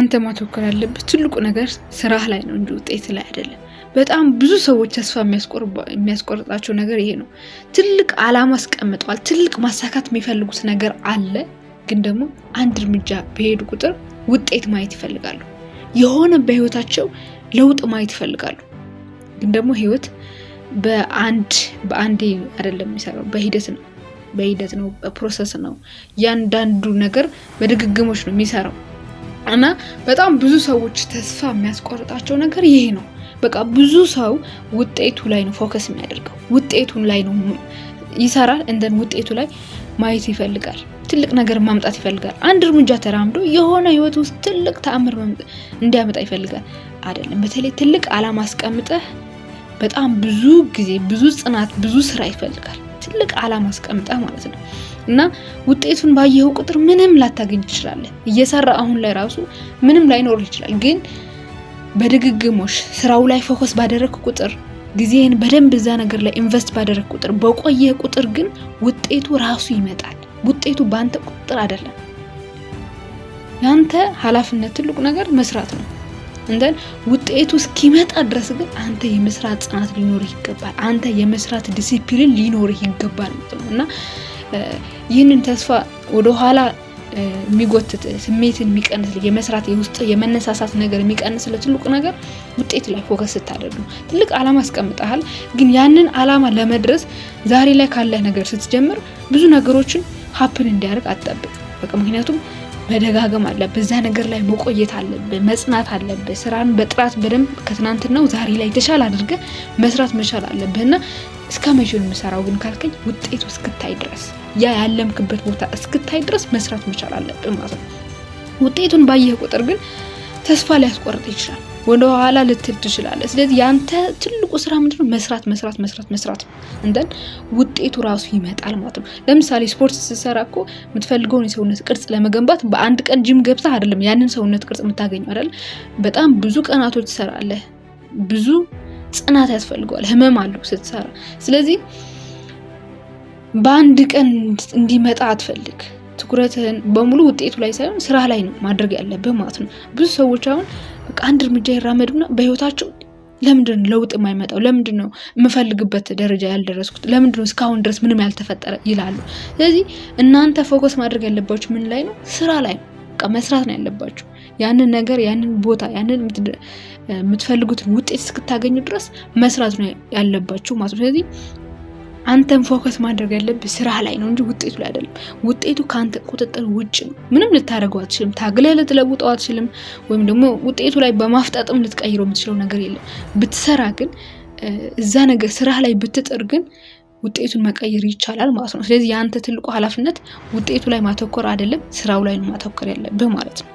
አንተ ማተኮር ያለበት ትልቁ ነገር ስራህ ላይ ነው እንጂ ውጤት ላይ አይደለም። በጣም ብዙ ሰዎች ተስፋ የሚያስቆርጣቸው ነገር ይሄ ነው። ትልቅ አላማ አስቀምጠዋል። ትልቅ ማሳካት የሚፈልጉት ነገር አለ። ግን ደግሞ አንድ እርምጃ በሄዱ ቁጥር ውጤት ማየት ይፈልጋሉ። የሆነ በህይወታቸው ለውጥ ማየት ይፈልጋሉ። ግን ደግሞ ህይወት በአንድ በአንዴ አይደለም የሚሰራው፣ በሂደት ነው በሂደት ነው በፕሮሰስ ነው። እያንዳንዱ ነገር በድግግሞች ነው የሚሰራው። እና በጣም ብዙ ሰዎች ተስፋ የሚያስቆርጣቸው ነገር ይሄ ነው። በቃ ብዙ ሰው ውጤቱ ላይ ነው ፎከስ የሚያደርገው፣ ውጤቱን ላይ ነው ይሰራል። እንደን ውጤቱ ላይ ማየት ይፈልጋል፣ ትልቅ ነገር ማምጣት ይፈልጋል። አንድ እርምጃ ተራምዶ የሆነ ህይወት ውስጥ ትልቅ ተአምር እንዲያመጣ ይፈልጋል አይደለም። በተለይ ትልቅ አላማ አስቀምጠህ በጣም ብዙ ጊዜ ብዙ ጽናት፣ ብዙ ስራ ይፈልጋል። ትልቅ አላማ አስቀምጠህ ማለት ነው እና ውጤቱን ባየኸው ቁጥር ምንም ላታገኝ ትችላለህ። እየሰራ አሁን ላይ ራሱ ምንም ላይኖር ይችላል፣ ግን በድግግሞሽ ስራው ላይ ፎከስ ባደረግ ቁጥር ጊዜህን በደንብ እዛ ነገር ላይ ኢንቨስት ባደረግ ቁጥር በቆየ ቁጥር ግን ውጤቱ ራሱ ይመጣል። ውጤቱ በአንተ ቁጥር አይደለም። ያንተ ኃላፊነት ትልቁ ነገር መስራት ነው። እንደን ውጤቱ እስኪመጣ ድረስ ግን አንተ የመስራት ጽናት ሊኖርህ ይገባል። አንተ የመስራት ዲሲፕሊን ሊኖርህ ይገባል ማለት ነው እና ይህንን ተስፋ ወደኋላ የሚጎትት ስሜትን የሚቀንስ የመስራት የውስጥ የመነሳሳት ነገር የሚቀንስ ትልቁ ነገር ውጤት ላይ ፎከስ ስታደርግ ነው። ትልቅ ዓላማ አስቀምጠሃል፣ ግን ያንን ዓላማ ለመድረስ ዛሬ ላይ ካለህ ነገር ስትጀምር ብዙ ነገሮችን ሀፕን እንዲያደርግ አትጠብቅ። በቃ ምክንያቱም መደጋገም አለብህ። እዛ ነገር ላይ መቆየት አለብህ። መጽናት አለብህ። ስራን በጥራት በደንብ ከትናንትናው ዛሬ ላይ የተሻለ አድርገህ መስራት መቻል አለብህ እና እስከ መቼ ነው የምሰራው ግን ካልከኝ ውጤቱ እስክታይ ድረስ ያ ያለምክበት ቦታ እስክታይ ድረስ መስራት መቻል አለብህ ማለት ነው። ውጤቱን ባየህ ቁጥር ግን ተስፋ ሊያስቆርጥ ይችላል። ወደ ኋላ ልትል ትችላለህ። ስለዚህ ያንተ ትልቁ ስራ ምንድነው? መስራት መስራት መስራት መስራት እንደን ውጤቱ ራሱ ይመጣል ማለት ነው። ለምሳሌ ስፖርት ስትሰራ እኮ የምትፈልገውን የሰውነት ቅርጽ ለመገንባት በአንድ ቀን ጅም ገብተህ አይደለም ያንን ሰውነት ቅርጽ የምታገኘው አይደል? በጣም ብዙ ቀናቶች ትሰራለህ። ብዙ ጽናት ያስፈልገዋል። ህመም አለው ስትሰራ። ስለዚህ በአንድ ቀን እንዲመጣ አትፈልግ። ትኩረትህን በሙሉ ውጤቱ ላይ ሳይሆን ስራ ላይ ነው ማድረግ ያለብህ ማለት ነው። ብዙ ሰዎች አሁን በቃ አንድ እርምጃ ይራመዱና በህይወታቸው ለምንድን ነው ለውጥ የማይመጣው? ለምንድን ነው የምፈልግበት ደረጃ ያልደረስኩት? ለምንድን ነው እስካሁን ድረስ ምንም ያልተፈጠረ ይላሉ። ስለዚህ እናንተ ፎከስ ማድረግ ያለባችሁ ምን ላይ ነው? ስራ ላይ ነው። በቃ መስራት ነው ያለባችሁ። ያንን ነገር ያንን ቦታ ያንን የምትፈልጉትን ውጤት እስክታገኙ ድረስ መስራት ነው ያለባችሁ ማለት ነው። ስለዚህ አንተን ፎከስ ማድረግ ያለብህ ስራ ላይ ነው እንጂ ውጤቱ ላይ አይደለም። ውጤቱ ከአንተ ቁጥጥር ውጭ ነው። ምንም ልታደርገው አትችልም። ታግለህ ልትለውጠው አትችልም። ወይም ደግሞ ውጤቱ ላይ በማፍጣጥም ልትቀይረው የምትችለው ነገር የለም። ብትሰራ ግን እዛ ነገር ስራ ላይ ብትጥር ግን ውጤቱን መቀየር ይቻላል ማለት ነው። ስለዚህ የአንተ ትልቁ ኃላፊነት ውጤቱ ላይ ማተኮር አይደለም፣ ስራው ላይ ነው ማተኮር ያለብህ ማለት ነው።